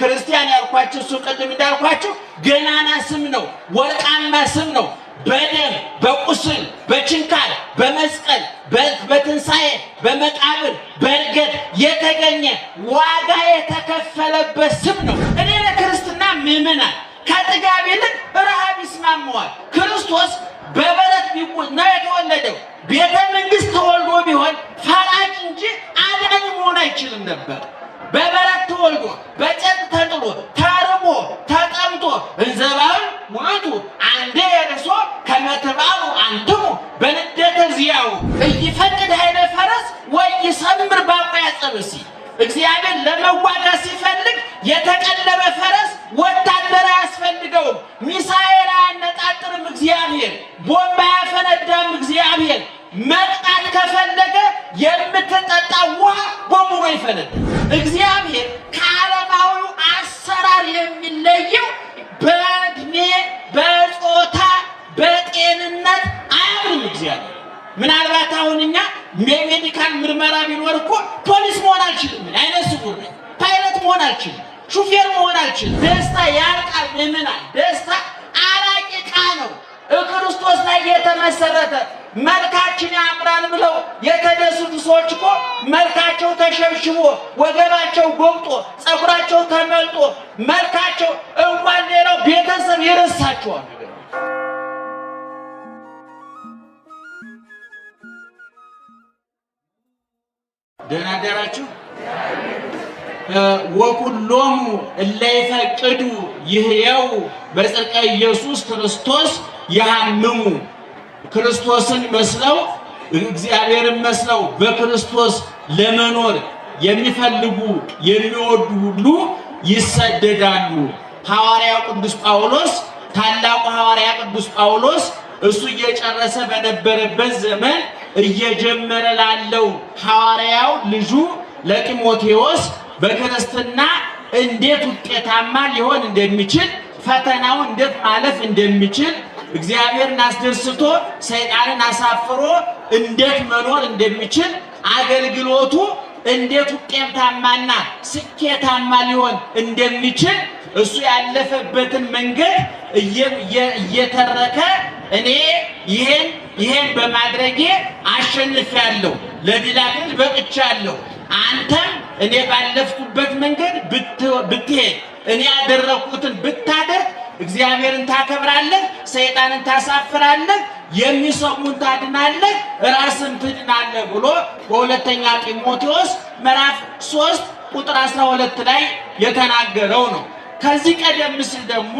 ክርስቲያን ያልኳችሁ እሱ ቅድም እንዳልኳችሁ ገናና ስም ነው፣ ወርቃማ ስም ነው። በደም በቁስል በችንካር በመስቀል በትንሣኤ በመቃብር በእርገት የተገኘ ዋጋ የተከፈለበት ስም ነው። እኔ ለክርስትና ምዕመናን ከጥጋብ ይልቅ ረሃብ ይስማማዋል። ክርስቶስ በበረት ቢቁት ነው የተወለደው። ቤተ መንግሥት ተወልዶ ቢሆን ፈራጅ እንጂ አዳኝ መሆን አይችልም ነበር። ይፈነዳ። እግዚአብሔር ከዓለማዊው አሰራር የሚለየው በእድሜ በጾታ በጤንነት አያምንም እግዚአብሔር። ምናልባት አሁን እኛ የሜዲካል ምርመራ ቢኖር እኮ ፖሊስ መሆን አልችልም፣ አይነ ስውር ነኝ፣ ፓይለት መሆን አልችልም፣ ሹፌር መሆን አልችልም። ደስታ ያልቃል። ምምናል ደስታ አላቂ ዕቃ ነው። ክርስቶስ ላይ የተመሰረተ መልካችን ያምራል ብለው የተደሱት ሰዎች እኮ መልካቸው ተሸብሽቦ ወገባቸው ጎብጦ ጸጉራቸው ተመልጦ መልካቸው እንኳን ሌላው ቤተሰብ ይረሳቸዋል። ደህና አደራችሁ። ወኩሎሙ እለይፈቅዱ ይህየው በጽድቀ ኢየሱስ ክርስቶስ ያህምሙ ክርስቶስን መስለው እግዚአብሔርን መስለው በክርስቶስ ለመኖር የሚፈልጉ የሚወዱ ሁሉ ይሰደዳሉ። ሐዋርያው ቅዱስ ጳውሎስ ታላቁ ሐዋርያ ቅዱስ ጳውሎስ እሱ እየጨረሰ በነበረበት ዘመን እየጀመረ ላለው ሐዋርያው ልጁ ለጢሞቴዎስ በክርስትና እንዴት ውጤታማ ሊሆን እንደሚችል ፈተናውን እንዴት ማለፍ እንደሚችል እግዚአብሔርን አስደስቶ ሰይጣንን አሳፍሮ እንዴት መኖር እንደሚችል አገልግሎቱ እንዴት ውጤታማና ስኬታማ ሊሆን እንደሚችል እሱ ያለፈበትን መንገድ እየተረከ እኔ ይሄን ይሄን በማድረጌ አሸንፊያለሁ፣ ለድል በቅቻ በቅቻለሁ። አንተም እኔ ባለፍኩበት መንገድ ብትሄድ እኔ ያደረኩትን ብታደርግ እግዚአብሔርን ታከብራለህ፣ ሰይጣንን ታሳፍራለህ፣ የሚሰሙን ታድናለህ፣ ራስን ትድናለህ ብሎ በሁለተኛ ጢሞቴዎስ ምዕራፍ 3 ቁጥር 12 ላይ የተናገረው ነው። ከዚህ ቀደም ሲል ደግሞ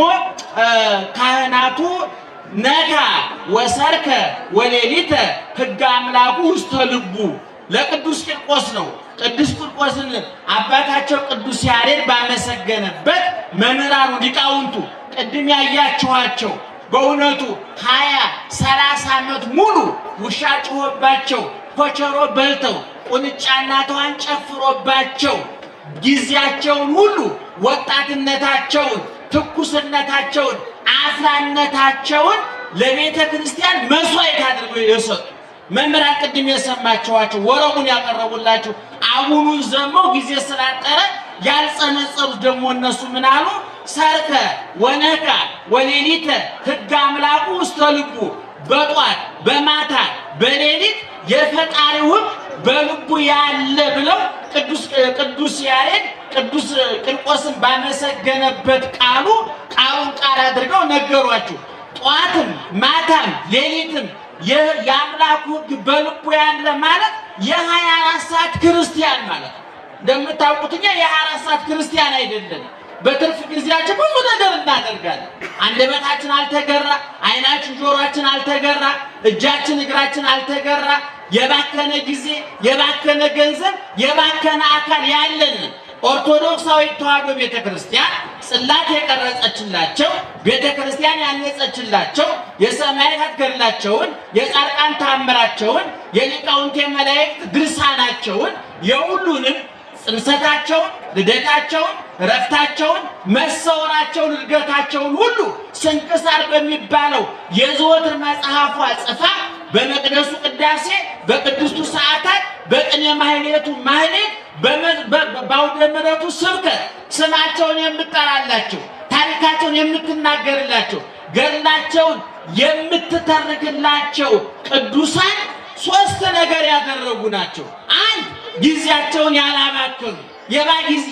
ካህናቱ ነካ ወሰርከ ወሌሊተ ሕገ አምላኩ ውስተ ልቡ ለቅዱስ ቂርቆስ ነው። ቅዱስ ቁርቆስን አባታቸው ቅዱስ ያሬድ ባመሰገነበት መምህራኑ ሊቃውንቱ ቅድም ያያችኋቸው በእውነቱ ሀያ ሰላሳ ዓመት ሙሉ ውሻ ጭሆባቸው ኮቸሮ በልተው ቁንጫና ተዋን ጨፍሮባቸው ጊዜያቸውን ሁሉ ወጣትነታቸውን፣ ትኩስነታቸውን፣ አፍራነታቸውን ለቤተ ክርስቲያን መስዋዕት አድርገው የሰጡ መምህራን ቅድም የሰማችኋቸው ወረሙን ያቀረቡላችሁ አቡኑን ዘመው ጊዜ ስላጠረ ያልጸነጸሩት ደግሞ እነሱ ምን አሉ? ሰርተ ወነካ ወሌሊተ ህግ አምላኩ ውስተ ልቡ በጧት በማታ በሌሊት የፈጣሪው ሕግ በልቡ ያለ ብለው ቅዱስ ቅዱስ ያሬድ ቅዱስ ቂርቆስን ባመሰገነበት ቃሉ ቃሉን ቃል አድርገው ነገሯችሁ። ጧትም ማታም ሌሊትም የአምላኩ ሕግ በልቡ ያለ ማለት የሀያ አራት ሰዓት ክርስቲያን ማለት ነው። እንደምታውቁት እኛ የሀያ አራት ሰዓት ክርስቲያን አይደለም። በትርፍ ጊዜያችን ብዙ ነገር እናደርጋለን። አንደበታችን አልተገራ፣ አይናችን ጆሮአችን አልተገራ፣ እጃችን እግራችን አልተገራ። የባከነ ጊዜ፣ የባከነ ገንዘብ፣ የባከነ አካል ያለን ኦርቶዶክሳዊት ተዋሕዶ ቤተ ክርስቲያን ጽላት የቀረጸችላቸው ቤተ ክርስቲያን ያነጸችላቸው የሰማዕታት ገድላቸውን፣ የጻድቃን ታምራቸውን፣ የሊቃውንተ መላእክት ድርሳናቸውን የሁሉንም ጽንሰታቸውን፣ ልደታቸውን፣ ረፍታቸውን፣ መሰወራቸውን፣ እርገታቸውን ሁሉ ስንክሳር በሚባለው የዘወትር መጽሐፏ ጽፋ በመቅደሱ ቅዳሴ፣ በቅድስቱ ሰዓታት፣ በቅኔ ማህሌቱ ማህሌት በአውደ ምረቱ ስብከት ስማቸውን የምጠራላቸው፣ ታሪካቸውን የምትናገርላቸው፣ ገድላቸውን የምትተርክላቸው ቅዱሳን ሶስት ነገር ያደረጉ ናቸው። አንድ ጊዜያቸውን ያላባከኑ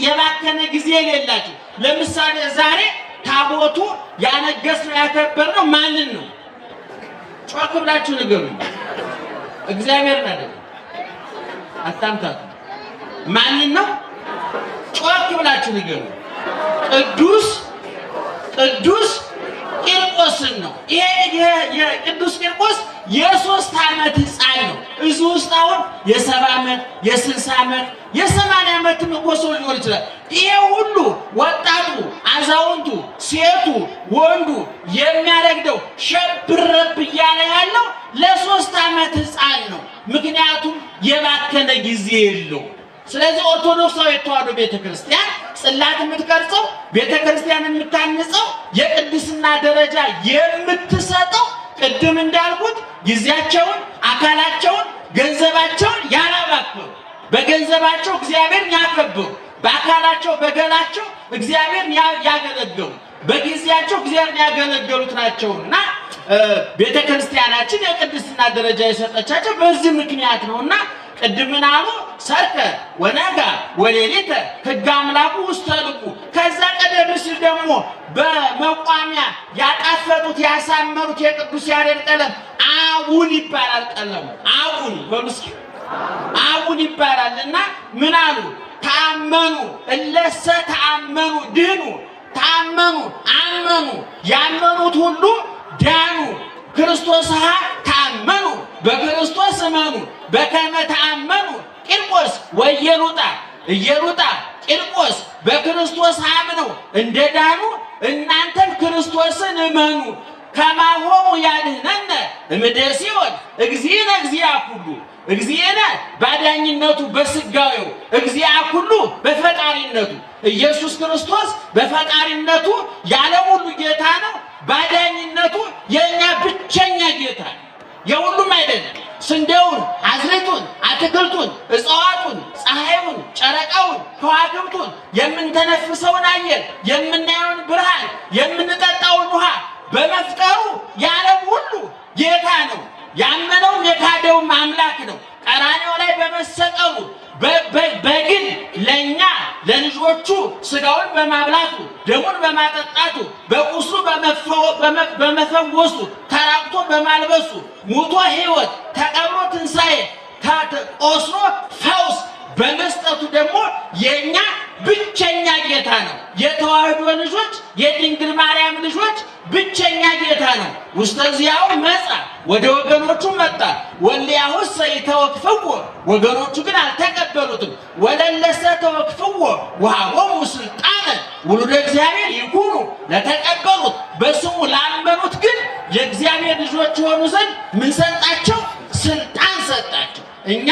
የባከነ ጊዜ የሌላቸው። ለምሳሌ ዛሬ ታቦቱ ያከበር ያከበርነው ማንን ነው? ጮክ ብላችሁ እግዚአብሔር ናደ አታምታቱ ማንን ነው? ጮክ ብላችሁ ንገሩ። ቅዱስ ቅዱስ ቂርቆስን ነው። ይሄ የቅዱስ ቂርቆስ የሶስት ዓመት ህፃን ነው። እዚህ ውስጥ አሁን የሰባ ዓመት የስልሳ ዓመት የሰማንያ ዓመት መቆሶ ሊሆን ይችላል። ይሄ ሁሉ ወጣቱ፣ አዛውንቱ፣ ሴቱ፣ ወንዱ የሚያረግደው ሸብረብ እያለ ያለው ለሶስት ዓመት ህፃን ነው። ምክንያቱም የባከነ ጊዜ የለው ስለዚህ ኦርቶዶክሳዊ የተዋህዶ ቤተክርስቲያን ጽላት የምትቀርጸው ቤተክርስቲያን የምታንጸው የቅድስና ደረጃ የምትሰጠው ቅድም እንዳልኩት ጊዜያቸውን፣ አካላቸውን፣ ገንዘባቸውን ያላባክሩ በገንዘባቸው እግዚአብሔርን ያከብሩ፣ በአካላቸው በገላቸው እግዚአብሔርን ያገለገሉ፣ በጊዜያቸው እግዚአብሔርን ያገለገሉት ናቸውና ቤተክርስቲያናችን የቅድስና ደረጃ የሰጠቻቸው በዚህ ምክንያት ነውና ቅድምናሉ አሉ? ሰርከ ወነጋ ወሌሊተ ህግ አምላኩ ውስተ ልቡ። ከዛ ቀደም ሲል ደግሞ በመቋሚያ ያጣፈጡት ያሳመሩት የቅዱስ ያሬድ ቀለም አቡን ይባላል። ቀለሙ አቡን በምስኪ አቡን ይባላል እና ምን አሉ? ታመኑ እለሰ ታመኑ ድኑ ታመኑ አመኑ ያመኑት ሁሉ ዳኑ ክርስቶስ ሃ ታመኑ በክርስቶስ እመኑ በከመተአመኑ ቂርቆስ ወኢየሉጣ ኢየሉጣ ቂርቆስ በክርስቶስ አምነው እንደዳኑ እናንተም ክርስቶስን እመኑ። ከማሆሙ ያድኅነነ እምድኅረ ሲኦል እግዚእነ እግዚአ ኩሉ እግዚእነ ባዳኝነቱ በሥጋዌው እግዚአ ኩሉ በፈጣሪነቱ ኢየሱስ ክርስቶስ በፈጣሪነቱ ያለም ሁሉ ጌታ ነው። ባዳኝነቱ የእኛ ብቸኛ ጌታ ነው። የሁሉም አይደለም። ስንዴውን፣ አዝሬቱን፣ አትክልቱን፣ እጽዋቱን፣ ፀሐዩን፣ ጨረቃውን፣ ከዋክብቱን፣ የምንተነፍሰውን አየር፣ የምናየውን ብርሃን፣ የምንጠጣውን ውሃ በመፍጠሩ የዓለም ሁሉ ጌታ ነው። ያመነውም የካደውም አምላክ ነው። ቀራኔው ላይ በመሰቀሉ በግል ለእኛ ለልጆቹ ስጋውን በማብላቱ ደሙን በማጠጣቱ በቁስሉ በመፈወሱ ተራቅቶ በማልበሱ ሙቶ ሕይወት ተቀብሮ ትንሣኤ ቆስሮ ፈውስ በመስጠቱ ደግሞ የእኛ ብቸኛ ጌታ ነው። የተዋህዶ ልጆች፣ የድንግል ማርያም ልጆች ብቸኛ ጌታ ነው። ውስተዚያው መጣ፣ ወደ ወገኖቹ መጣ። ወሊያሁሰ ይተወክፍዎ ወገኖቹ ግን አልተቀበሉትም። ወለለሰ ተወክፍዎ ወሀቦሙ ስልጣነ ውሉደ እግዚአብሔር ይኩኑ ለተቀበሉት በስሙ ላመኑት ግን የእግዚአብሔር ልጆች የሆኑ ዘንድ ምን ሰጣቸው? ስልጣን ሰጣቸው። እኛ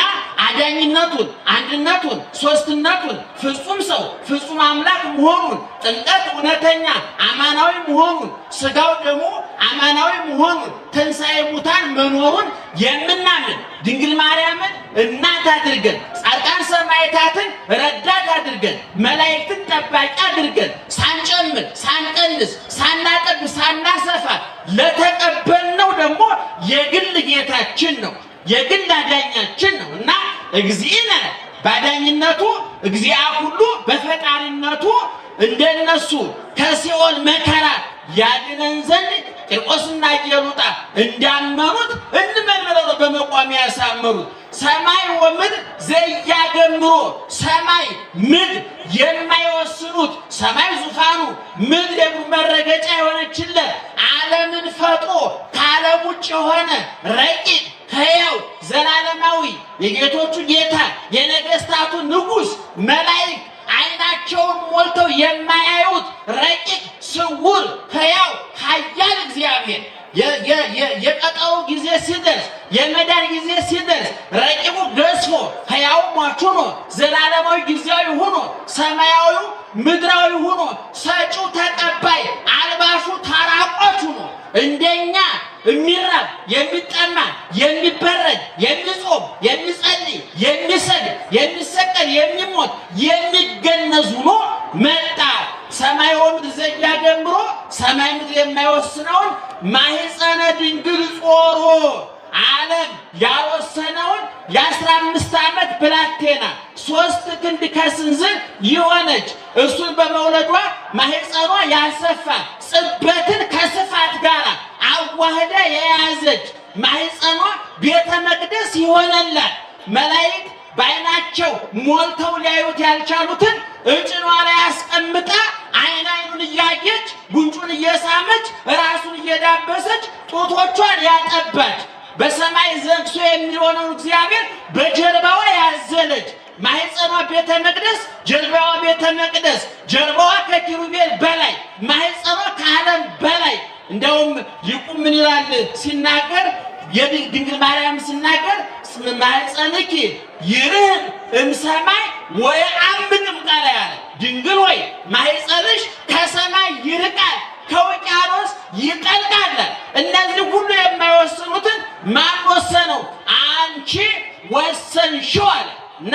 አዳኝነቱን አንድነቱን ሶስትነቱን ፍጹም ሰው ፍጹም አምላክ መሆኑን ጥንቀት እውነተኛ አማናዊ መሆኑን ስጋው ደግሞ አማናዊ መሆኑን ትንሣኤ ሙታን መኖሩን የምናምን ድንግል ማርያምን እናት አድርገን ጻድቃን ሰማዕታትን ረዳት አድርገን መላእክትን ጠባቂ አድርገን ሳንጨምር ሳንቀንስ ሳናጠብ ሳናሰፋ ለተቀበልነው ደግሞ የግል ጌታችን ነው የግል አዳኛችን ነው እና እግዚእነ ባዳኝነቱ እግዚአ ሁሉ በፈጣሪነቱ እንደነሱ ከሲኦል መከራ ያድነን ዘንድ ቂርቆስና ኢየሉጣ እንዳመሩት እንመን ብለው በመቋሚያ ያሳመሩት። ሰማይ ወምድር ዘያደምሮ ሰማይ ምድር የማይወስኑት ሰማይ ዙፋኑ ምድር ደግሞ መረገጫ የሆነችለት ዓለምን ፈጥሮ ከዓለም ውጭ የሆነ ረቂቅ ሕያው ዘላለማዊ የጌቶቹ ጌታ መላእክት አይናቸውን ሞልተው የማያዩት ረቂቅ ስውር ሕያው ኃያል እግዚአብሔር የቀጠሮ ጊዜ ሲደርስ የመዳን ጊዜ ሲደርስ ረቂቁ ገዝፎ ሕያው ሟች ሆኖ ዘላለማዊ ጊዜያዊ ሆኖ ሰማያዊ ምድራዊ ሆኖ ሰጪው ተቀባይ አልባሹ ታራቆች ሆኖ እንደኛ የሚራብ የሚጠማ የሚበረድ የሚጾም የሚጸልይ የሚሰግድ የሚሞት የሚገነዝ ሆኖ መጣ። ሰማይ ወምድር ዘያ ደምሮ ሰማይ ምድር የማይወስነውን ማህፀነ ድንግል ጾሮ ዓለም ያወሰነውን የአስራ አምስት ዓመት ብላቴና ሶስት ክንድ ከስንዝር የሆነች እሱን በመውለዷ ማህፀኗ ያሰፋ ጽበትን ከስፋት ጋር አዋህደ የያዘች ማህፀኗ ቤተ መቅደስ ይሆነላል መላይክ ሞልተው ሊያዩት ያልቻሉትን እጭኗ ላይ አስቀምጣ አይን አይኑን እያየች ጉንጩን እየሳመች ራሱን እየዳበሰች ጡቶቿን ያጠባች በሰማይ ዘግሶ የሚሆነው እግዚአብሔር በጀርባዋ ያዘለች ማህፀኗ ቤተ መቅደስ፣ ጀርባዋ ቤተ መቅደስ፣ ጀርባዋ ከኪሩቤል በላይ፣ ማህፀኗ ከዓለም በላይ። እንደውም ሊቁ ምን ይላል ሲናገር የድንግል ማርያም ስናገር ማኅፀንኪ ይርህን እምሰማይ ወየአምንም ቃል ያለ ድንግል ሆይ ማኅፀንሽ ከሰማይ ይርቃል ከውቅያኖስ ይጠልቃል። እነዚህ ሁሉ የማይወስኑትን ማን ወሰነው? አንቺ ወሰንሽው እና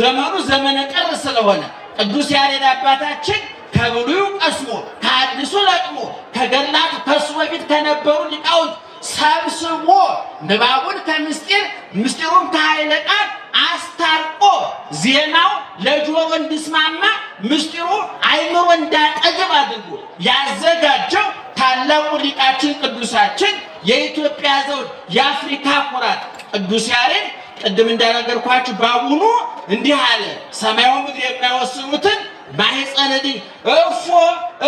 ዘመኑ ዘመነ ቅር ስለሆነ ቅዱስ ያሬድ አባታችን ከብሉዩ ቀስሞ ከአዲሱ ለቅሞ ከገላቱ ከሱ በፊት ከነበሩ ሊቃውንት ሰብስቦ ንባቡን ከምስጢር ምስጢሩን ከኃይለ ቃል አስታርቆ ዜናው ለጆሮ እንዲስማማ ምስጢሩ አይምሮ እንዳጠገብ አድርጎ ያዘጋጀው ታላቁ ሊቃችን ቅዱሳችን የኢትዮጵያ ዘውድ የአፍሪካ ኩራት ቅዱስ ያሬድ ቅድም እንዳነገርኳችሁ ባቡኑ እንዲህ አለ። ሰማያዊ ምድር የማይወስኑትን ባይጸነድ እፎ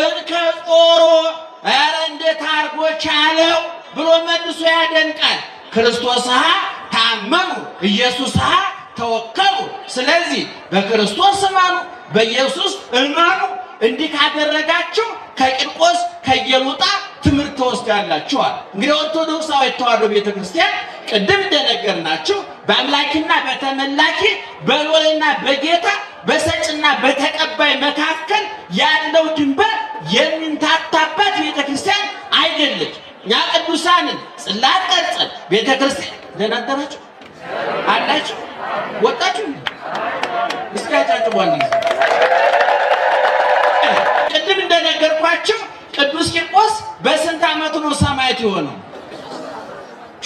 እንከ ጦሮ ኧረ እንዴት አድርጎ ቻለው ብሎ መልሶ ያደንቃል። ክርስቶስ ታመኑ፣ ኢየሱስ ተወከሉ። ስለዚህ በክርስቶስ እመኑ፣ በኢየሱስ እመኑ። እንዲህ ካደረጋችሁ ከቂርቆስ ከኢየሉጣ ትምህርት ተወስዳላችኋል። እንግዲህ ኦርቶዶክሳዊ ተዋሕዶ ቤተክርስቲያን ቅድም እንደነገርናችሁ በአምላኪና በተመላኪ በሎልና በጌታ በሰጭና በተቀባይ መካከል ያለው ድንበር የሚንታታባት ቤተክርስቲያን አይደለች። እኛ ቅዱሳንን ጽላት ቀርጸን ቤተ ክርስቲያን ደናገራችሁ አላችሁ ወጣችሁ እስኪ ጊዜ ቅድም እንደነገርኳቸው ቅዱስ ቂርቆስ በስንት ዓመቱ ነው ሰማየት የሆነው?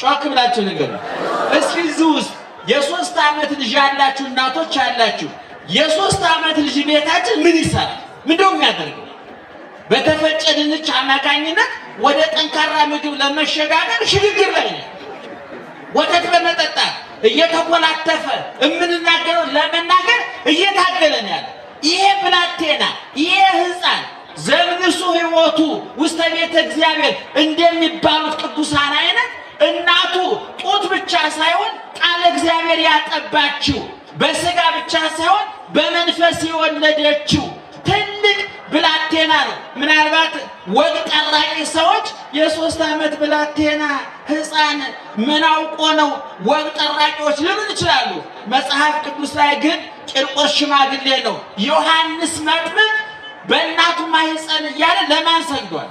ጮክ ብላችሁ ነገር እስኪ። እዚህ ውስጥ የሶስት ዓመት ልጅ ያላችሁ እናቶች አላችሁ የሶስት ዓመት ልጅ ቤታችን ምን ይሰራል? ምንደው የሚያደርገው? በተፈጨ ድንች አማካኝነት ወደ ጠንካራ ምግብ ለመሸጋገር ሽግግር ላይ ነን። ወተት በመጠጣት እየተኮላተፈ የምንናገረው ለመናገር እየታገለን ያለ ይሄ ብላቴና ይሄ ሕፃን ዘብንሱ ሕይወቱ ውስተ ቤተ እግዚአብሔር እንደሚባሉት ቅዱሳን አይነት እናቱ ጡት ብቻ ሳይሆን ቃለ እግዚአብሔር ያጠባችው በስጋ ብቻ ሳይሆን በመንፈስ የወለደችው ትልቅ ብላቴና ነው። ምናልባት ወግ ጠራቂ ሰዎች የሶስት ዓመት ብላቴና ህፃን ምን አውቆ ነው ወግ ጠራቂዎች ሊሉ ይችላሉ። መጽሐፍ ቅዱስ ላይ ግን ቂርቆስ ሽማግሌ ነው። ዮሐንስ መጥምቅ በእናቱ ማህፀን እያለ ለማን ሰግዷል?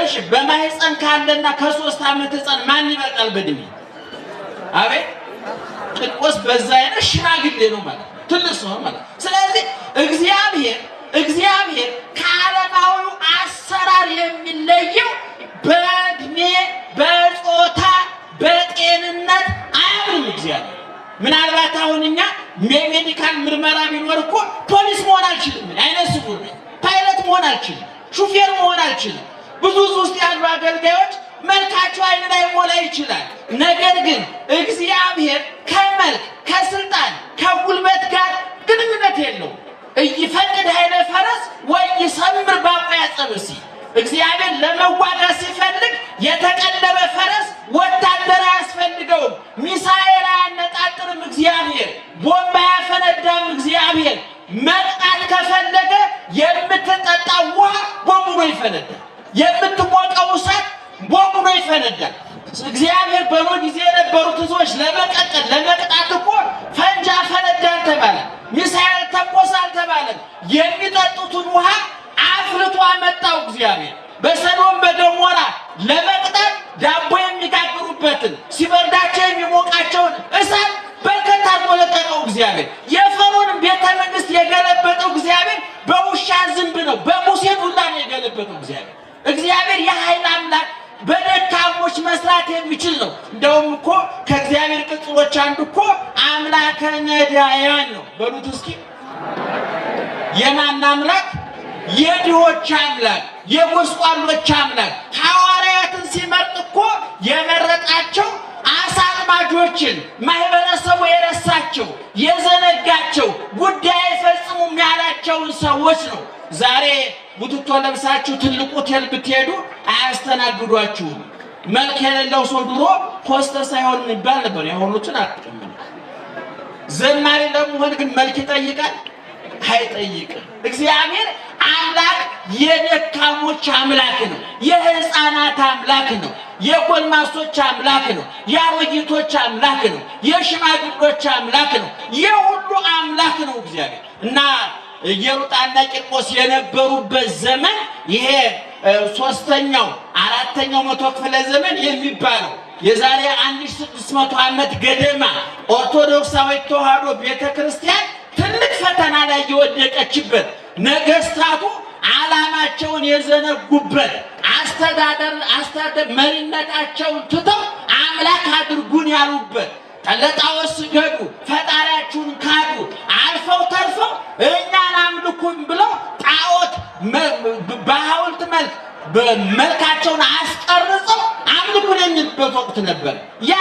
እሺ በማህፀን ካለና ከሶስት ዓመት ህፃን ማን ይበልጣል በእድሜ? አቤት ቂርቆስ በዛ አይነት ሽማግሌ ነው ማለት ትልቅ ሰው ማለት ስለዚህ እግዚአብሔር እግዚአብሔር ከዓለማዊው አሰራር የሚለየው በእድሜ፣ በጾታ፣ በጤንነት አያምንም። እግዚአብሔር ምናልባት አሁን እኛ የሜዲካል ምርመራ ቢኖር እኮ ፖሊስ መሆን አልችልም፣ አይነ ስውር ፓይለት መሆን አልችልም፣ ሹፌር መሆን አልችልም። ብዙ ውስጥ ያሉ አገልጋዮች መልካቸው አይን ላይሞላ ይችላል። ነገር ግን እግዚአብሔር ከመልክ ከስልጣን ከጉልበት ጋር ግንኙነት የለውም። እይፈቅድ ኃይለ ፈረስ ወይ ይሰምር ባቁያ እግዚአብሔር ለመዋጋት ሲፈልግ የተቀለበ ፈረስ ወታደር አያስፈልገውም። ሚሳኤል አያነጣጥርም እግዚአብሔር፣ ቦምብ አያፈነዳም እግዚአብሔር። መጥቃት ከፈለገ የምትጠጣ ውሃ ቦምብ ነው ይፈነዳል። የምትሞቀው እሳት ቦምብ ነው ይፈነዳል። እግዚአብሔር በኖ ጊዜ የነበሩትን ሰዎች ለመቀጠል ለመቅጣት እኮ ፈንጃ አፈነዳ አልተባለም፣ ሚሳይል ተኮሰ አልተባለ። የሚጠጡትን ውሃ አፍልቶ አመጣው እግዚአብሔር በሰዶም በገሞራ ለመቅጠል ዳቦ የሚጋግሩበትን ሲበርዳቸው የሚሞቃቸውን እሳት በርከት አድርጎ እግዚአብሔር። የፈርዖንን ቤተ መንግስት የገለበጠው እግዚአብሔር በውሻ ዝንብ ነው፣ በሙሴ ዱላ ነው የገለበጠው እግዚአብሔር። እግዚአብሔር የኃይል አምላክ በደካሞች መስራት የሚችል ነው። እንደውም እኮ ከእግዚአብሔር ቅጽሎች አንዱ እኮ አምላከ ነዳያን ነው። በሉት እስኪ የማን አምላክ? የድሆች አምላክ፣ የጎስቋሎች አምላክ። ሐዋርያትን ሲመርጥ እኮ የመረጣቸው አሳጥማጆችን፣ ማህበረሰቡ የረሳቸው የዘነጋቸው ጉዳይ ፈጽሙም ያላቸውን ሰዎች ነው ዛሬ ቡትቶ ለብሳችሁ ትልቁ ሆቴል ብትሄዱ አያስተናግዷችሁም። መልክ የሌለው ሰው ድሮ ሆስተስ ሳይሆን የሚባል ነበር። የሆኑትን አቅም ዘማሪ ለመሆን ግን መልክ ይጠይቃል አይጠይቅም። እግዚአብሔር አምላክ የደካሞች አምላክ ነው። የህፃናት አምላክ ነው። የጎልማሶች አምላክ ነው። የአሮጊቶች አምላክ ነው። የሽማግሎች አምላክ ነው። የሁሉ አምላክ ነው እግዚአብሔር እና ኢየሩጣና ቂርቆስ የነበሩበት ዘመን ይሄ ሶስተኛው አራተኛው መቶ ክፍለ ዘመን የሚባለው የዛሬ 1600 ዓመት ገደማ ኦርቶዶክሳዊት ተዋሕዶ ቤተክርስቲያን ትልቅ ፈተና ላይ የወደቀችበት ነገስታቱ ዓላማቸውን የዘነጉበት አስተዳደር አስተዳደር መሪነታቸውን ትተው አምላክ አድርጉን ያሉበት ለጣዖት ስገዱ፣ ፈጣሪያችሁን ካዱ። አልፈው ተርፈው እኛን አምልኩን ብለው ጣዖት በሐውልት መልክ መልካቸውን አስቀርጸው አምልኩን የሚልበት ወቅት ነበረ። ያ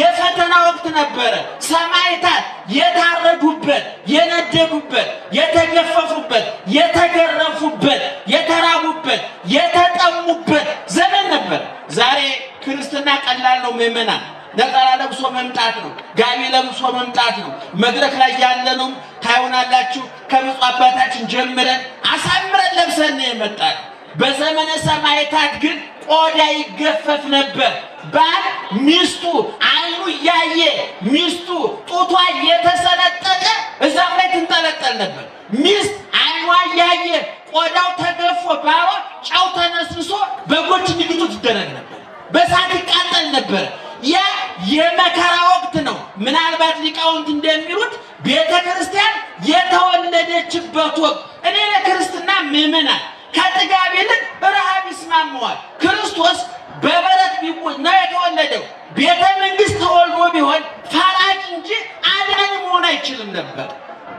የፈተና ወቅት ነበረ። ሰማዕታት የታረዱበት፣ የነደዱበት፣ የተገፈፉበት፣ የተገረፉበት፣ የተራቡበት፣ የተጠሙበት ዘመን ነበር። ዛሬ ክርስትና ቀላል ነው ምዕመናን ነጠላ ለብሶ መምጣት ነው። ጋቢ ለብሶ መምጣት ነው። መድረክ ላይ ያለነው ታይሆናላችሁ ከብፁዕ አባታችን ጀምረን አሳምረን ለብሰን ነው የመጣን። በዘመነ ሰማዕታት ግን ቆዳ ይገፈፍ ነበር። ባል ሚስቱ አይኑ እያየ ሚስቱ ጡቷ እየተሰነጠቀ እዛም ላይ ትንጠለጠል ነበር። ሚስት አይኗ እያየ ቆዳው ተገፎ ባሏ ጨው ተነስንሶ በጎች እንዲግጡ ትደረግ ነበር። በሳት ይቃጠል ነበር። የመከራ ወቅት ነው። ምናልባት ሊቃውንት እንደሚሉት ቤተ ክርስቲያን የተወለደችበት ወቅት። እኔ ለክርስትና ምእመናን ከጥጋብ ይልቅ ረሃብ ይስማመዋል። ክርስቶስ በበረት ቢሞት ነው የተወለደው። ቤተ መንግስት ተወልዶ ቢሆን ፈራጅ እንጂ አዳኝ መሆን አይችልም ነበር።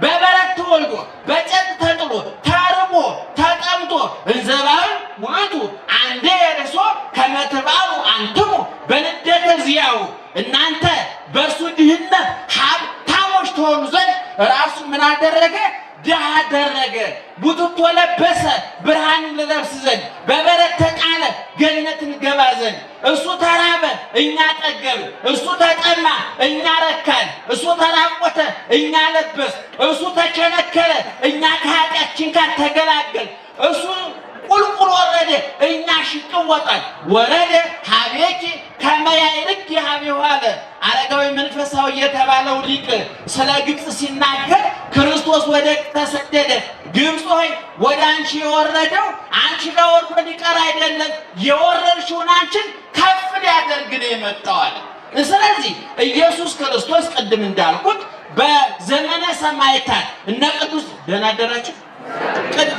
በበረት ተወልዶ በጨጥ ተጥሎ ተርቦ ተጠምጦ እንዘባብ ውእቱ አንዴ የርሶ ከመ አደረገ፣ ቡትቶ ለበሰ፣ ብርሃን ልለብስ ዘንድ በበረት ተቃለ፣ ገነትን ገባ ዘንድ። እሱ ተራበ፣ እኛ ጠገብ፣ እሱ ተጠማ፣ እኛ ረካን። እሱ ተራቆተ፣ እኛ ለበስ። እሱ ተቸነከረ፣ እኛ ከኃጢአታችን ጋር ተገላገል። እሱ ቁልቁል ወረደ እና ሽቅብ ወጣች። ወረደ ሀቤኪ ከመያይልክ የሀቤው አለ አረጋዊ መንፈሳዊ የተባለው ሊቅ ስለ ግብፅ ሲናገር ክርስቶስ ወደ ተሰደደ ግብፅ ሆይ ወደ አንቺ የወረደው አንቺ ጋር ወርዶ ሊቀር አይደለም የወረድሽውን አንቺን ከፍ ሊያደርግ ነው የመጣው ስለዚህ ኢየሱስ ክርስቶስ ቅድም እንዳልኩት በዘመነ ሰማዕታት እነ ቅዱስ ደህና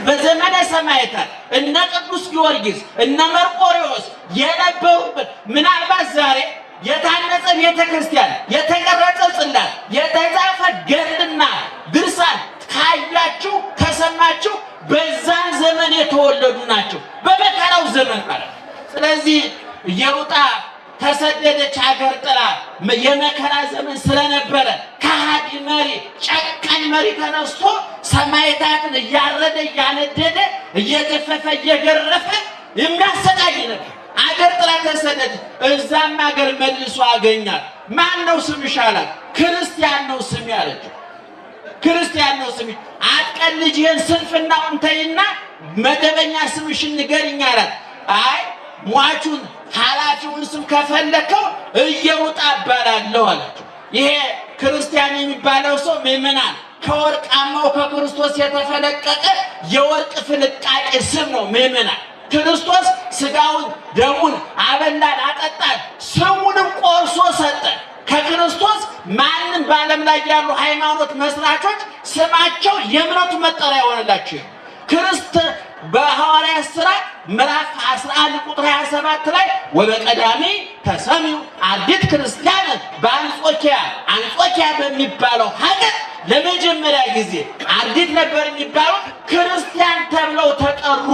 በዘመነ ሰማዕታት እነ ቅዱስ ጊዮርጊስ እነ መርቆሬዎስ የነበሩበት ምናልባት ዛሬ የታነጸ ቤተክርስቲያን፣ የተቀረጸ ጽላት፣ የተጻፈ ገድልና ድርሳን ካያችሁ ከሰማችሁ በዛን ዘመን የተወለዱ ናቸው። በመከራው ዘመን ማለት ስለዚህ እየሩጣ ተሰደደች አገር ጥላ። የመከራ ዘመን ስለነበረ ከሃዲ መሪ፣ ጨካኝ መሪ ተነስቶ ሰማዕታትን እያረደ እያነደደ እየገፈፈ እየገረፈ የሚያሰቃይ ነበር። አገር ጥላ ተሰደደ። እዛም አገር መልሶ አገኛል። ማን ነው ስምሽ አላት። ክርስቲያን ነው ስሜ አለችው። ክርስቲያን ነው ስሜ። አትቀልጅ፣ ይህን ስንፍናውን ተይና መደበኛ ስምሽን ንገሪኝ አላት። አይ ሟቹን ኃላፊውን ስም ከፈለከው እየውጣ አባላለሁ አላቸው። ይሄ ክርስቲያን የሚባለው ሰው ምዕመናን ከወርቃማው ከክርስቶስ የተፈለቀቀ የወርቅ ፍልቃቄ ስም ነው። ምዕመናን ክርስቶስ ስጋውን ደሙን አበላን አጠጣን፣ ስሙንም ቆርሶ ሰጠን። ከክርስቶስ ማንም በዓለም ላይ ያሉ ሃይማኖት መስራቾች ስማቸው የእምነቱ መጠሪያ የሆነላቸው ክርስት በሐዋርያት ሥራ ምዕራፍ 11 ቁጥር 27 ላይ ወበቀዳሚ ተሰሚው አርዲት ክርስቲያን በአንጾኪያ አንጾኪያ በሚባለው ሀገር ለመጀመሪያ ጊዜ አርዲት ነበር የሚባሉት ክርስቲያን ተብለው ተጠሩ።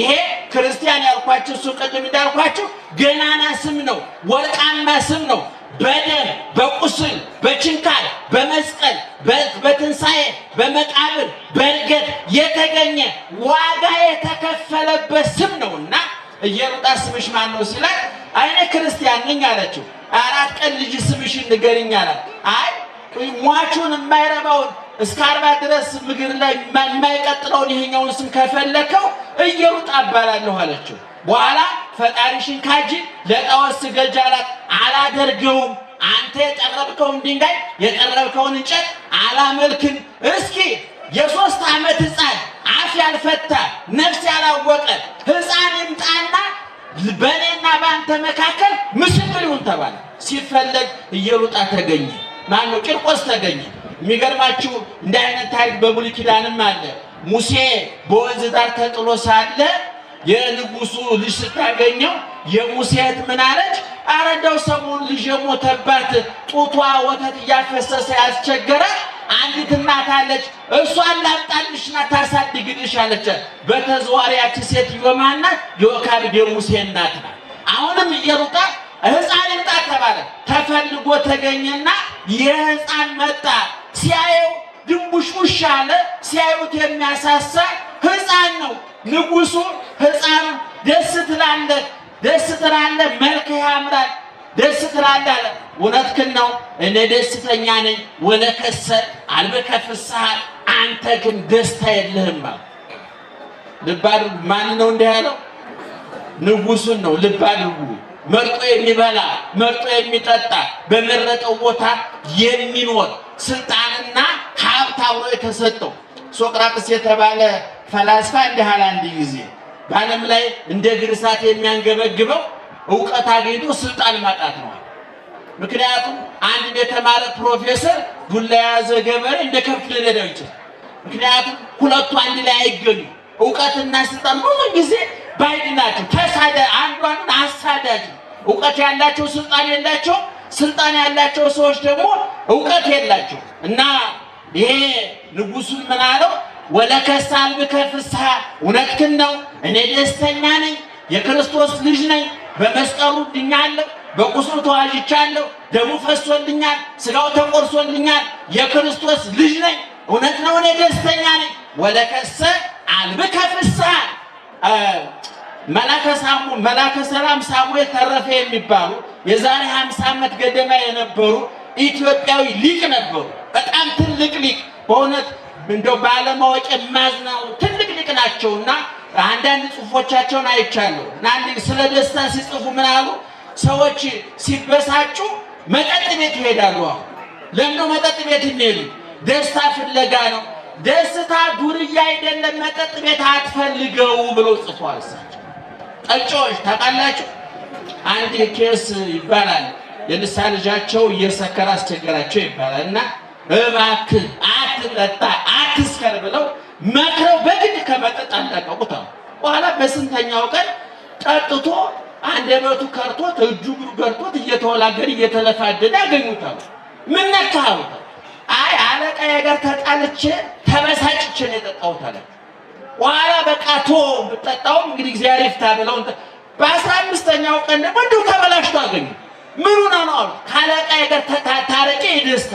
ይሄ ክርስቲያን ያልኳችሁ እሱ ቅድም እንዳልኳችሁ ገናና ስም ነው፣ ወርቃማ ስም ነው። በደም በቁስል በችንካር በመስቀል በትንሣኤ በመቃብር በእርገት የተገኘ ዋጋ የተከፈለበት ስም ነውና እየሩጣ ስምሽ ማን ነው ሲላት፣ አይነ ክርስቲያን ነኝ አለችው። አራት ቀን ልጅ ስምሽ ንገርኝ አላት። አይ ሟቹን የማይረባውን እስከ አርባ ድረስ ምግር ላይ የማይቀጥለውን ይሄኛውን ስም ከፈለከው እየሩጣ አባላለሁ አለችው። በኋላ ፈጣሪሽን ካጂ ለጣዖት ስገጂ አላት። አላደርገውም አንተ የጠረብከውን ድንጋይ የጠረብከውን እንጨት አላመልክም። እስኪ የሶስት ዓመት ሕፃን አፍ ያልፈታ ነፍስ ያላወቀ ሕፃን ይምጣና በእኔና በአንተ መካከል ምስክር ይሁን ተባለ። ሲፈለግ እየሉጣ ተገኘ። ማነው? ቂርቆስ ተገኘ። የሚገርማችሁ እንደ አይነት ታሪክ በብሉይ ኪዳንም አለ። ሙሴ በወንዝ ዳር ተጥሎ ሳለ የንጉሱ ልጅ ስታገኘው የሙሴት ምን አለች? ኧረ እንደው ሰሞኑን ልጅ የሞተባት ጡቷ ወተት እያፈሰሰ ያስቸገረ አንዲት እናት አለች፣ እሷን ላምጣልሽና ታሳድግልሽ አለች። በተዘዋሪ ያቺ ሴትዮ ማን ናት? የሙሴ እናት ናት። አሁንም እየሩጣ ህፃን ይምጣ ተባለ። ተፈልጎ ተገኘና የህፃን መጣ። ሲያየው ድንቡሽ ውሻ አለ። ሲያዩት የሚያሳሳ ህፃን ነው። ንጉሱ ህፃኑ ደስ ትላለህ፣ ደስ ትላለህ፣ መልክህ ያምራል፣ ደስ ትላለህ መልክህ ያምራል ደስ ትላለ አለ እውነትህን ነው፣ እኔ ደስተኛ ነኝ። ወለከሰ አልበከ አንተ ግን ደስታ የለህም። ልብ አድርጉ። ማን ነው እንዲህ ያለው? ንጉሱን ነው። ልብ አድርጉ። መርጦ የሚበላ መርጦ የሚጠጣ በመረጠው ቦታ የሚኖር ስልጣንና ሀብት አብሮ የተሰጠው ሶቅራጥስ የተባለ ፈላስፋ እንዲህ አለ አንድ ጊዜ በዓለም ላይ እንደ ግርሳት የሚያንገበግበው እውቀት አግኝቶ ስልጣን ማጣት ነው። ምክንያቱም አንድ የተማረ ፕሮፌሰር ዱላ የያዘ ገበሬ እንደ ከብት ሊነዳው ይችላል። ምክንያቱም ሁለቱ አንድ ላይ አይገኙ። እውቀትና ስልጣን ብዙ ጊዜ ባይድ ናቸው። ተሳደ አንዷን አሳዳጅ። እውቀት ያላቸው ስልጣን የላቸው፣ ስልጣን ያላቸው ሰዎች ደግሞ እውቀት የላቸው እና ይሄ ንጉሱን ምን አለው? ወለከሳ አልብከ ፍስሐ ነው። እኔ ደስተኛ ነኝ፣ የክርስቶስ ልጅ ነኝ። በመስቀሉ ድኛለሁ፣ በቁስሉ ተዋጅቻለሁ፣ ደሙ ፈሶልኛል፣ ስጋው ተቆርሶልኛል። የክርስቶስ ልጅ ነኝ። እውነት ነው፣ እኔ ደስተኛ ነኝ። ወለከሰ አልብከ ፍስሐ መላከ ሰላም ሳሙኤል ተረፈ የሚባሉ የዛሬ 50 ዓመት ገደማ የነበሩ ኢትዮጵያዊ ሊቅ ነበሩ። በጣም ትልቅ ሊቅ በእውነት እንደው ባለማወቅ የማዝነው ትልቅ ናቸውና አንዳንድ ጽሁፎቻቸውን አይቻለሁ እና ስለ ደስታ ሲጽፉ ምን አሉ? ሰዎች ሲበሳጩ መጠጥ ቤት ይሄዳሉ። አሁን መጠጥ ቤት የሚሄዱ ደስታ ፍለጋ ነው። ደስታ ዱርያ አይደለም፣ መጠጥ ቤት አትፈልገው ብሎ ጽፏል። እሳቸው ጠጪዎች ታውቃላችሁ። አንድ ኬስ ይባላል የንሳ ልጃቸው እየሰከረ አስቸገራቸው ይባላል እና እባክህ አትጠጣ፣ አትስከር ብለው መክረው በግድ ከመጠጥ አላቀቁት። በኋላ በስንተኛው ቀን ጠጥቶ አንደበቱ ከርቶት እጁ እግሩ ገርቶት እየተወላገደ እየተለፋደደ አገኙታል። ምን ነካህ አይ አለቃዬ ጋር ተጣልቼ ተበሳጭቼ ነው የጠጣሁት አለ። በኋላ በቃ ተወው ብጠጣውም እንግዲህ እግዚአብሔር ይፍታ ብለው በአስራ አምስተኛው ቀን ደግሞ እንዲሁ ተበላሽቶ አገኙ። ምኑን ነው አሉት። ከአለቃዬ ጋር ታረቄ የደስታ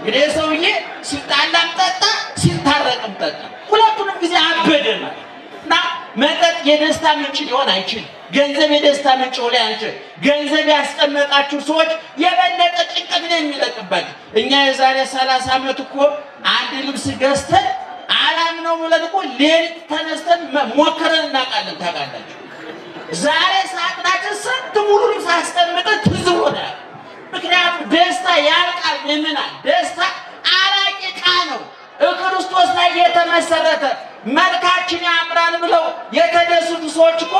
እንግዲህ ሰውዬ ሲጣላም ጠጣ፣ ሲታረቅም ጠጣ። ሁለቱንም ጊዜ አበደ ማለት እና መጠጥ የደስታ ምንጭ ሊሆን አይችልም። ገንዘብ የደስታ ምንጭ ሆነ አይችልም። ገንዘብ ያስቀመጣችሁ ሰዎች የበለጠ ጭንቀት ነው የሚለቅባችሁ። እኛ የዛሬ ሰላሳ ዓመት እኮ አንድ ልብስ ገዝተን አላም ነው ብለን እኮ ሌሊት ተነስተን ሞክረን እናውቃለን። ታውቃላችሁ ዛሬ ሳጥናችን ስንት ሙሉ ልብስ አስቀምጠን ትዝ ሆናል። ምክንያቱም ደስታ ያልቃል። ምምናል ደስታ አላቂ ነው። ክርስቶስ ላይ የተመሰረተ መልካችን ያምራል ብለው የተደሰቱ ሰዎች እኮ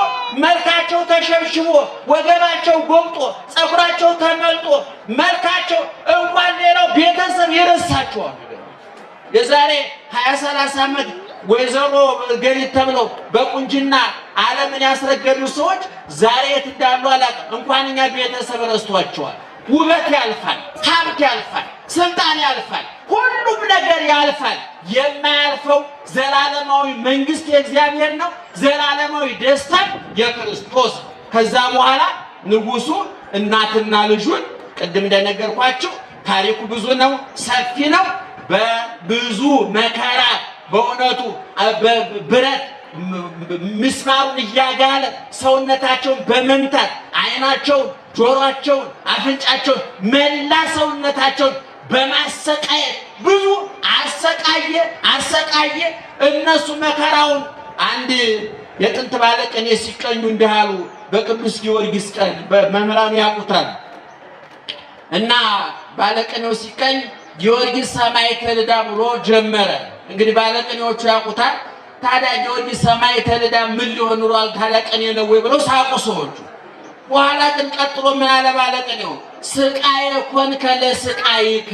መልካቸው ተሸብሽቦ፣ ወገባቸው ጎብጦ፣ ፀጉራቸው ተመልጦ መልካቸው እንኳን ሌላው ቤተሰብ ይረሳቸዋል። የዛሬ ሀያ ሰላሳ ዓመት ወይዘሮ ገሊት ተብለው በቁንጅና ዓለምን ያስረገዱ ሰዎች ዛሬ የት እንዳሉ አላውቅም። እንኳን እኛ ቤተሰብ ረስቷቸዋል። ውበት ያልፋል፣ ሀብት ያልፋል፣ ስልጣን ያልፋል፣ ሁሉም ነገር ያልፋል። የማያልፈው ዘላለማዊ መንግስት የእግዚአብሔር ነው። ዘላለማዊ ደስታን የክርስቶስ ከዛ በኋላ ንጉሱ እናትና ልጁን ቅድም እንደነገርኳቸው ታሪኩ ብዙ ነው፣ ሰፊ ነው። በብዙ መከራ በእውነቱ ብረት ምስማሩን እያጋለ ሰውነታቸውን በመምታት አይናቸውን ጆሮአቸውን፣ አፍንጫቸውን፣ መላ ሰውነታቸውን በማሰቃየት ብዙ አሰቃየ አሰቃየ። እነሱ መከራውን አንድ የጥንት ባለቅኔ ሲቀኙ እንዲህ አሉ። በቅዱስ ጊዮርጊስ ቀን መምህራኑ ያውቁታል እና ባለቅኔው ሲቀኝ ጊዮርጊስ ሰማዕተ ልዳ ብሎ ጀመረ። እንግዲህ ባለቅኔዎቹ ያውቁታል። ታዲያ ጊዮርጊስ ሰማዕተ ልዳ ምን ሊሆን ኑሯል? ታዲያ ቅኔ ነው ወይ ብለው ሳቁ ሰዎቹ። በኋላ ግን ቀጥሎ ምን አለ ማለት ነው? ስቃይ ኮንከ ለስቃይከ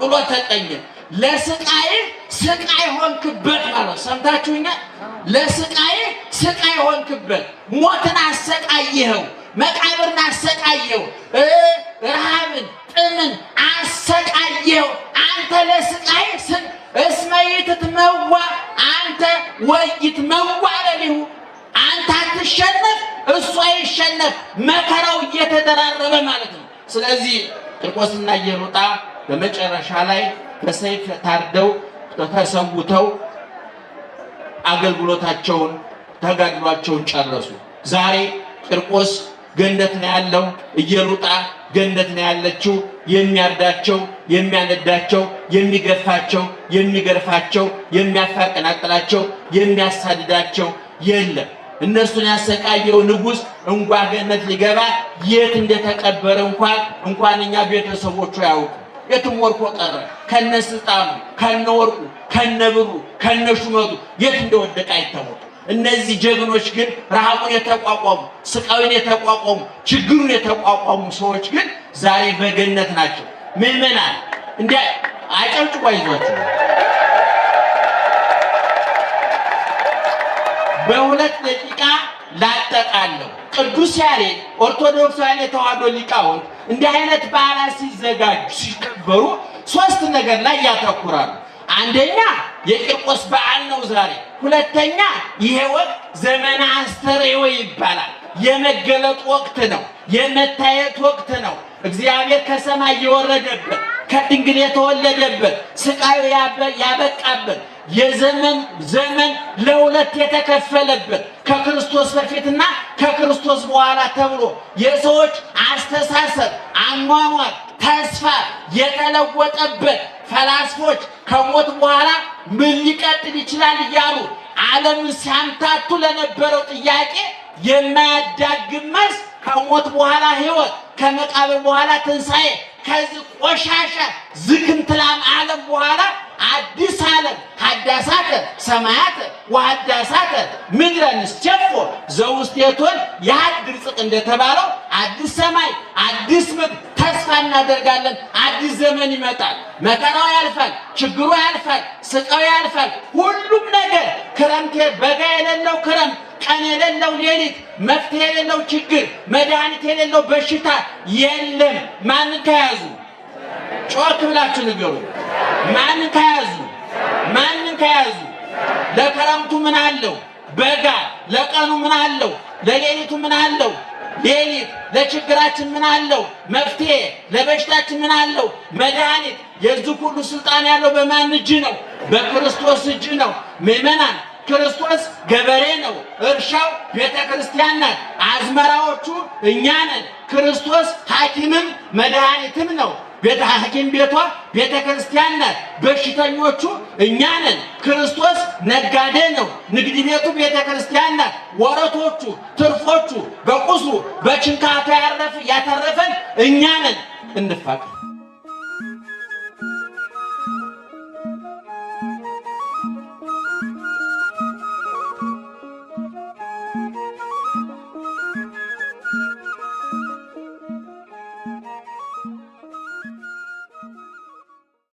ብሎ ተቀኘ። ለስቃይ ስቃይ ሆንክበት ማለት ሰምታችሁኛ። ለስቃይ ስቃይ ሆንክበት፣ ሞትን አሰቃየኸው፣ መቃብርን አሰቃየው፣ ረሃብን፣ ጥምን አሰቃየኸው። አንተ ለስቃይ እስመ ይትትመዋ አንተ ወይት ወይትመዋ ለሊሁ አንተ አትሸነፍ፣ እሱ ይሸነፍ መከራው እየተደራረበ ማለት ነው። ስለዚህ ቂርቆስና ኢየሉጣ በመጨረሻ ላይ በሰይፍ ታርደው ተሰውተው አገልግሎታቸውን ተጋድሏቸውን ጨረሱ። ዛሬ ቂርቆስ ገነት ነው ያለው፣ ኢየሉጣ ገነት ነው ያለችው። የሚያርዳቸው፣ የሚያነዳቸው፣ የሚገፋቸው፣ የሚገርፋቸው፣ የሚያፈናቅላቸው፣ የሚያሳድዳቸው የለም። እነሱን ያሰቃየው ንጉሥ እንኳ ገነት ሊገባ የት እንደተቀበረ እንኳን እንኳን እኛ ቤተሰቦቹ ያውቁ የትም ወርቆ ቀረ። ከነ ስልጣኑ፣ ከነ ወርቁ፣ ከነ ብሩ፣ ከነ ሹመቱ የት እንደወደቀ አይታወቅም። እነዚህ ጀግኖች ግን ረሃቡን የተቋቋሙ ስቃዩን የተቋቋሙ ችግሩን የተቋቋሙ ሰዎች ግን ዛሬ በገነት ናቸው። ምዕመናን እንዲ አጨብጭባ ይዟቸው በሁለት ደቂቃ ላጠቃለሁ። ቅዱስ ያሬድ ኦርቶዶክሳውያን የተዋህዶ ሊቃውንት እንዲህ አይነት በዓላት ሲዘጋጁ ሲከበሩ ሶስት ነገር ላይ ያተኩራሉ። አንደኛ የቂርቆስ በዓል ነው ዛሬ። ሁለተኛ ይሄ ወቅት ዘመነ አስተርእዮ ይባላል። የመገለጥ ወቅት ነው። የመታየት ወቅት ነው። እግዚአብሔር ከሰማይ እየወረደበት። ከድንግል የተወለደበት ስቃዩ ያበቃበት የዘመን ዘመን ለሁለት የተከፈለበት ከክርስቶስ በፊትና ከክርስቶስ በኋላ ተብሎ የሰዎች አስተሳሰብ፣ አኗኗር፣ ተስፋ የተለወጠበት ፈላስፎች ከሞት በኋላ ምን ሊቀጥል ይችላል እያሉ ዓለምን ሲያምታቱ ለነበረው ጥያቄ የማያዳግም መልስ ከሞት በኋላ ህይወት ከመቃብር በኋላ ትንሣኤ ከዚህ ቆሻሻ ዝክንትላም ዓለም በኋላ አዲስ ዓለም ሀዳሳተ ሰማያት ወሀዳሳተ ምድረ ንስቸፎ ዘውስቴቶን የሀድር ጽቅ እንደተባለው አዲስ ሰማይ አዲስ ምድር ተስፋ እናደርጋለን። አዲስ ዘመን ይመጣል። መከራው ያልፋል፣ ችግሩ ያልፋል፣ ስቃው ያልፋል። ሁሉም ነገር ክረምት፣ በጋ የሌለው ክረምት፣ ቀን የሌለው ሌሊት፣ መፍትሄ የሌለው ችግር፣ መድኃኒት የሌለው በሽታ የለም። ማን ከያዙ? ጮክ ብላችሁ ንገሩ። ማን ከያዙ? ማን ከያዙ? ለክረምቱ ምን አለው? በጋ ለቀኑ ምን አለው? ለሌሊቱ ምን አለው? ሌሊት ለችግራችን ምን አለው መፍትሄ፣ ለበሽታችን ምን አለው መድኃኒት። የዚህ ሁሉ ስልጣን ያለው በማን እጅ ነው? በክርስቶስ እጅ ነው። ምዕመናን፣ ክርስቶስ ገበሬ ነው። እርሻው ቤተ ክርስቲያን ናት። አዝመራዎቹ እኛ ነን። ክርስቶስ ሐኪምም መድኃኒትም ነው። ቤተ ሐኪም ቤቷ ቤተ ክርስቲያን ናት። በሽተኞቹ እኛ ነን። ክርስቶስ ነጋዴ ነው። ንግድ ቤቱ ቤተ ክርስቲያን ናት። ወረቶቹ፣ ትርፎቹ፣ በቁሱ በችንካቱ ያተረፈን እኛ ነን። እንፋቀር።